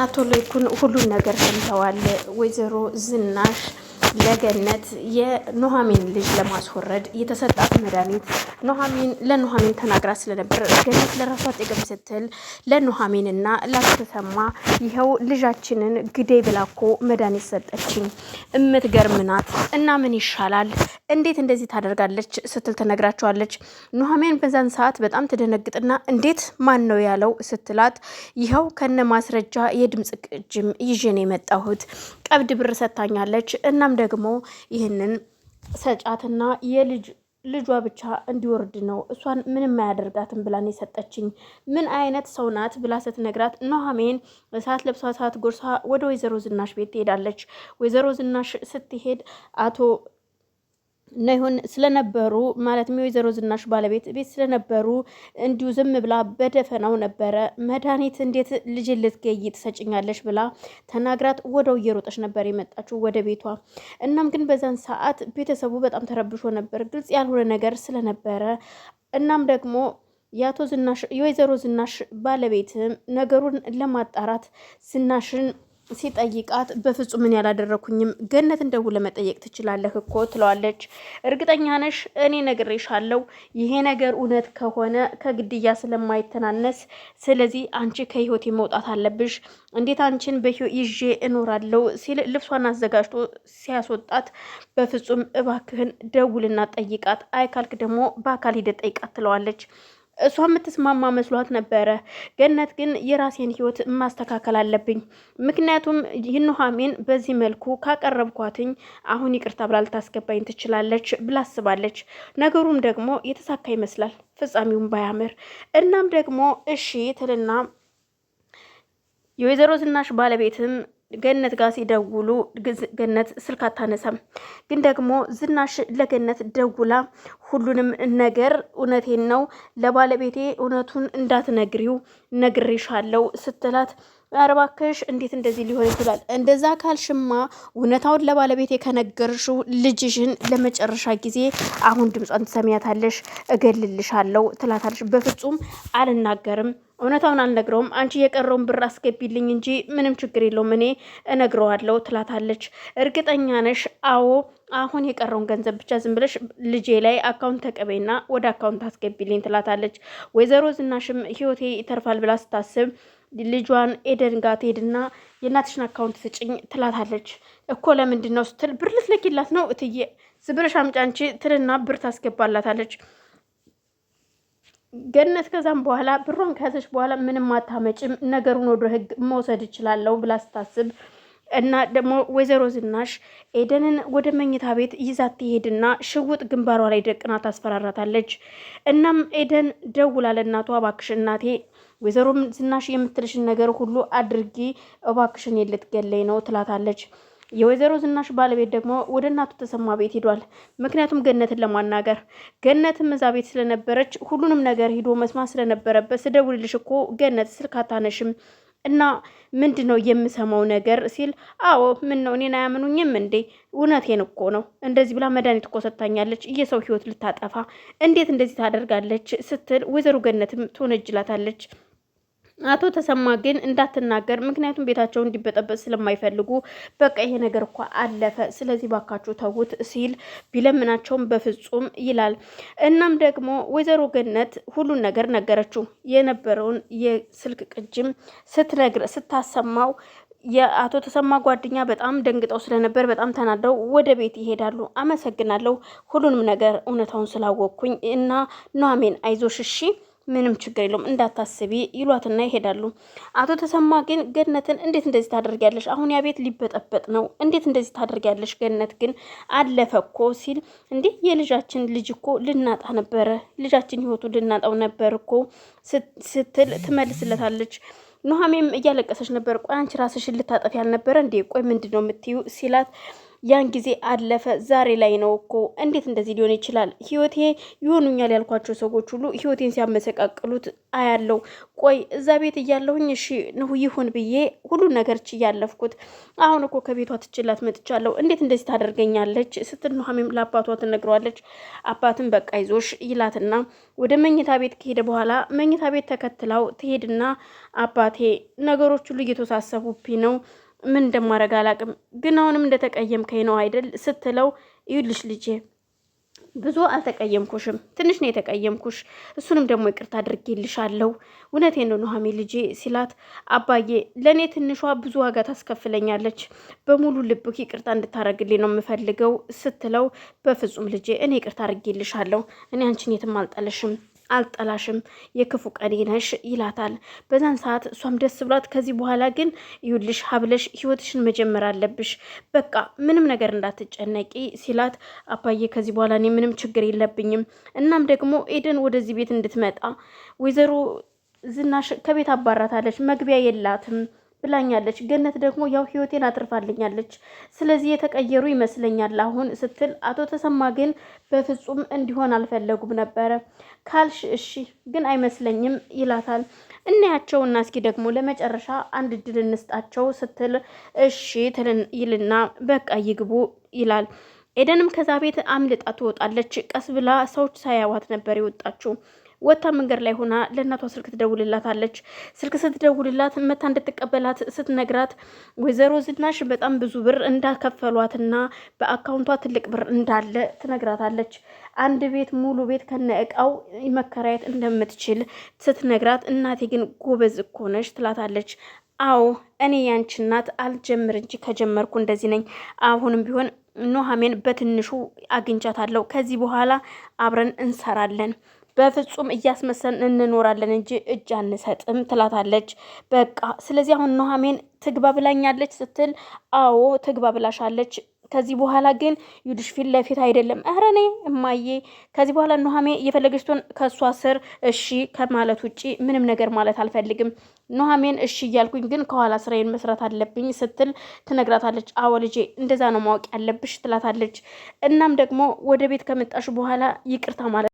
አቶ ልኩን ሁሉን ነገር ሰምተዋል። ወይዘሮ ዝናሽ ለገነት የኑሐሚን ልጅ ለማስወረድ የተሰጣት መድኃኒት ኑሐሚን ለኑሐሚን ተናግራ ስለነበር ገነት ለራሷ ጥቅም ስትል ለኑሐሚንና ላስተሰማ ይኸው ልጃችንን ግዴ ብላኮ መድኃኒት ሰጠችኝ እምትገርም ናት እና ምን ይሻላል እንዴት እንደዚህ ታደርጋለች ስትል ትነግራቸዋለች። ኑሐሚን በዛን ሰዓት በጣም ትደነግጥና እንዴት ማን ነው ያለው ስትላት ይኸው ከነ ማስረጃ የድምፅ ቅጅም ይዤን የመጣሁት ቀብድ ብር ሰጥታኛለች። እናም ደግሞ ይህንን ሰጫትና የልጅ ልጇ ብቻ እንዲወርድ ነው እሷን ምንም አያደርጋትም ብላን የሰጠችኝ ምን አይነት ሰው ናት ብላ ስትነግራት ኑሐሚን ሰዓት ለብሳ ሰዓት ጎርሳ ወደ ወይዘሮ ዝናሽ ቤት ትሄዳለች። ወይዘሮ ዝናሽ ስትሄድ አቶ እና ይሁን ስለነበሩ ማለትም የወይዘሮ ዝናሽ ባለቤት ቤት ስለነበሩ እንዲሁ ዝም ብላ በደፈናው ነበረ። መድኃኒት እንዴት ልጅ ልትገይ ትሰጭኛለሽ ብላ ተናግራት ወደው እየሮጠች ነበር የመጣችው ወደ ቤቷ። እናም ግን በዛን ሰዓት ቤተሰቡ በጣም ተረብሾ ነበር፣ ግልጽ ያልሆነ ነገር ስለነበረ እናም ደግሞ የአቶ ዝናሽ የወይዘሮ ዝናሽ ባለቤትም ነገሩን ለማጣራት ዝናሽን ሲጠይቃት በፍጹም ምን ያላደረኩኝም፣ ገነት እንደው መጠየቅ ትችላለህ እኮ ትለዋለች። እርግጠኛ ነሽ? እኔ ነግሬሻለሁ። ይሄ ነገር እውነት ከሆነ ከግድያ ስለማይተናነስ፣ ስለዚህ አንቺ ከህይወቴ መውጣት አለብሽ። እንዴት አንቺን በህይወት ይዤ እኖራለሁ? ሲል ልብሷን አዘጋጅቶ ሲያስወጣት፣ በፍጹም እባክህን ደውልና ጠይቃት፣ አይካልክ ደግሞ በአካል ሂደት ጠይቃት ትለዋለች። እሷ የምትስማማ መስሏት ነበረ። ገነት ግን የራሴን ህይወት ማስተካከል አለብኝ፣ ምክንያቱም ኑሃሜን በዚህ መልኩ ካቀረብኳትኝ አሁን ይቅርታ ብላ ልታስገባኝ ትችላለች ብላ አስባለች። ነገሩም ደግሞ የተሳካ ይመስላል ፍጻሜውን ባያምር። እናም ደግሞ እሺ ትልና የወይዘሮ ዝናሽ ባለቤትም ገነት ጋር ሲደውሉ ገነት ስልክ አታነሳም። ግን ደግሞ ዝናሽ ለገነት ደውላ ሁሉንም ነገር እውነቴን ነው ለባለቤቴ እውነቱን እንዳትነግሪው ነግሬሻለሁ ስትላት አረባክሽ እንዴት እንደዚህ ሊሆን ይችላል? እንደዛ ካልሽማ እውነታውን ለባለቤቴ ከነገርሽው ልጅሽን ለመጨረሻ ጊዜ አሁን ድምጿን ትሰሚያታለሽ፣ እገልልሻለሁ ትላታለሽ። በፍጹም አልናገርም እውነታውን አልነግረውም። አንቺ የቀረውን ብር አስገቢልኝ እንጂ ምንም ችግር የለውም እኔ እነግረዋለሁ ትላታለች። እርግጠኛ ነሽ? አዎ አሁን የቀረውን ገንዘብ ብቻ ዝም ብለሽ ልጄ ላይ አካውንት ተቀበይና ወደ አካውንት አስገቢልኝ ትላታለች። ወይዘሮ ዝናሽም ህይወቴ ይተርፋል ብላ ስታስብ ልጇን ኤደን ጋር ትሄድና የእናትሽን አካውንት ስጭኝ ትላታለች። እኮ ለምንድን ነው ስትል ብር ልትልኪላት ነው እትዬ ዝም ብለሽ አምጪ አንቺ ትልና ብር ታስገባላታለች። ገነት ከዛም በኋላ ብሯን ከያዘች በኋላ ምንም አታመጭም፣ ነገሩን ወደ ህግ መውሰድ እችላለሁ ብላ ስታስብ እና ደግሞ ወይዘሮ ዝናሽ ኤደንን ወደ መኝታ ቤት ይዛት ትሄድና ሽውጥ ግንባሯ ላይ ደቅና ታስፈራራታለች። እናም ኤደን ደውላ ለእናቷ እባክሽ እናቴ ወይዘሮም ዝናሽ የምትልሽን ነገር ሁሉ አድርጊ እባክሽን የልትገለይ ነው ትላታለች። የወይዘሮ ዝናሽ ባለቤት ደግሞ ወደ እናቱ ተሰማ ቤት ሄዷል። ምክንያቱም ገነትን ለማናገር ገነትም እዛ ቤት ስለነበረች ሁሉንም ነገር ሂዶ መስማት ስለነበረበት ስደውልልሽ እኮ ገነት ስልክ አታነሽም እና ምንድን ነው የምሰማው ነገር ሲል፣ አዎ ምን ነው እኔን አያምኑኝም እንዴ? እውነቴን እኮ ነው። እንደዚህ ብላ መድኃኒት እኮ ሰጥታኛለች፣ የሰው ህይወት ልታጠፋ እንዴት እንደዚህ ታደርጋለች? ስትል ወይዘሮ ገነትም ትሆነጅላታለች። አቶ ተሰማ ግን እንዳትናገር፣ ምክንያቱም ቤታቸው እንዲበጠበጥ ስለማይፈልጉ በቃ ይሄ ነገር እኮ አለፈ፣ ስለዚህ ባካችሁ ተዉት ሲል ቢለምናቸውም በፍጹም ይላል። እናም ደግሞ ወይዘሮ ገነት ሁሉን ነገር ነገረችው። የነበረውን የስልክ ቅጅም ስትነግር ስታሰማው የአቶ ተሰማ ጓደኛ በጣም ደንግጠው ስለነበር በጣም ተናደው ወደ ቤት ይሄዳሉ። አመሰግናለሁ ሁሉንም ነገር እውነታውን ስላወቅኩኝ እና ኑሐሚን አይዞሽ እሺ ምንም ችግር የለውም እንዳታስቢ ይሏትና ይሄዳሉ። አቶ ተሰማ ግን ገነትን እንዴት እንደዚህ ታደርጊያለሽ? አሁን ያ ቤት ሊበጠበጥ ነው፣ እንዴት እንደዚህ ታደርጊያለሽ? ገነት ግን አለፈ እኮ ሲል እንዴ የልጃችን ልጅ እኮ ልናጣ ነበረ፣ ልጃችን ህይወቱ ልናጣው ነበር እኮ ስትል ትመልስለታለች። ኑሐሚም እያለቀሰች ነበር። ቆይ አንቺ ራስሽን ልታጠፊ ያልነበረ እንዴ? ቆይ ምንድን ነው የምትዩ ሲላት ያን ጊዜ አለፈ፣ ዛሬ ላይ ነው እኮ። እንዴት እንደዚህ ሊሆን ይችላል? ህይወቴ ይሆኑኛል ያልኳቸው ሰዎች ሁሉ ህይወቴን ሲያመሰቃቅሉት አያለው። ቆይ እዛ ቤት እያለሁኝ እሺ ነው ይሁን ብዬ ሁሉ ነገር ች እያለፍኩት፣ አሁን እኮ ከቤቷ ትችላት መጥቻለሁ። እንዴት እንደዚህ ታደርገኛለች? ስትል ኑሐሚን ለአባቷ ትነግረዋለች። አባትን በቃ ይዞሽ ይላትና ወደ መኝታ ቤት ከሄደ በኋላ መኝታ ቤት ተከትላው ትሄድና አባቴ ነገሮች ሁሉ እየተወሳሰቡብኝ ነው ምን እንደማደርግ አላውቅም፣ ግን አሁንም እንደተቀየምከኝ ነው አይደል ስትለው ይኸውልሽ ልጄ ብዙ አልተቀየምኩሽም፣ ትንሽ ነው የተቀየምኩሽ። እሱንም ደግሞ ይቅርታ አድርጌልሻለሁ። እውነቴን ነው ኑሐሚ ልጄ ሲላት፣ አባዬ ለእኔ ትንሿ ብዙ ዋጋ ታስከፍለኛለች። በሙሉ ልብህ ይቅርታ እንድታደርግልኝ ነው የምፈልገው ስትለው፣ በፍጹም ልጄ እኔ ይቅርታ አድርጌልሻለሁ። እኔ አንቺን የትም አልጠለሽም። አልጠላሽም፣ የክፉ ቀኔ ነሽ ይላታል። በዛን ሰዓት እሷም ደስ ብሏት ከዚህ በኋላ ግን ይውልሽ ሀብለሽ ህይወትሽን መጀመር አለብሽ፣ በቃ ምንም ነገር እንዳትጨነቂ ሲላት፣ አባዬ ከዚህ በኋላ እኔ ምንም ችግር የለብኝም። እናም ደግሞ ኤደን ወደዚህ ቤት እንድትመጣ ወይዘሮ ዝናሽ ከቤት አባራታለች፣ መግቢያ የላትም ብላኛለች። ገነት ደግሞ ያው ህይወቴን አትርፋልኛለች። ስለዚህ የተቀየሩ ይመስለኛል አሁን ስትል፣ አቶ ተሰማ ግን በፍጹም እንዲሆን አልፈለጉም ነበረ። ካልሽ እሺ ግን አይመስለኝም ይላታል። እናያቸውና እስኪ ደግሞ ለመጨረሻ አንድ እድል እንስጣቸው ስትል እሺ ይልና በቃ ይግቡ ይላል። ኤደንም ከዛ ቤት አምልጣ ትወጣለች። ቀስ ብላ ሰዎች ሳያዋት ነበር የወጣችው። ወታ መንገድ ላይ ሆና ለእናቷ ስልክ ትደውልላታለች። ስልክ ስትደውልላት መታ እንድትቀበላት ስትነግራት ወይዘሮ ዝናሽ በጣም ብዙ ብር እንዳከፈሏትና በአካውንቷ ትልቅ ብር እንዳለ ትነግራታለች። አንድ ቤት ሙሉ ቤት ከነ እቃው መከራየት እንደምትችል ስትነግራት እናቴ ግን ጎበዝ እኮ ትላታለች። አዎ እኔ ያንቺ እናት አልጀምር እንጂ ከጀመርኩ እንደዚህ ነኝ። አሁንም ቢሆን ኑሐሚን በትንሹ አግኝቻታለሁ። ከዚህ በኋላ አብረን እንሰራለን በፍጹም እያስመሰን እንኖራለን እንጂ እጅ አንሰጥም ትላታለች። በቃ ስለዚህ አሁን ኑሐሚን ትግባ ብላኛለች ስትል አዎ ትግባ ብላሻለች። ከዚህ በኋላ ግን ይኸውልሽ ፊት ለፊት አይደለም። ኧረ እኔ እማዬ ከዚህ በኋላ ኑሐሚን እየፈለገችትን ከእሷ ስር እሺ ከማለት ውጪ ምንም ነገር ማለት አልፈልግም። ኑሐሚን እሺ እያልኩኝ ግን ከኋላ ስራዬን መስራት አለብኝ ስትል ትነግራታለች። አዎ ልጄ እንደዛ ነው ማወቅ ያለብሽ ትላታለች። እናም ደግሞ ወደ ቤት ከመጣሽ በኋላ ይቅርታ ማለት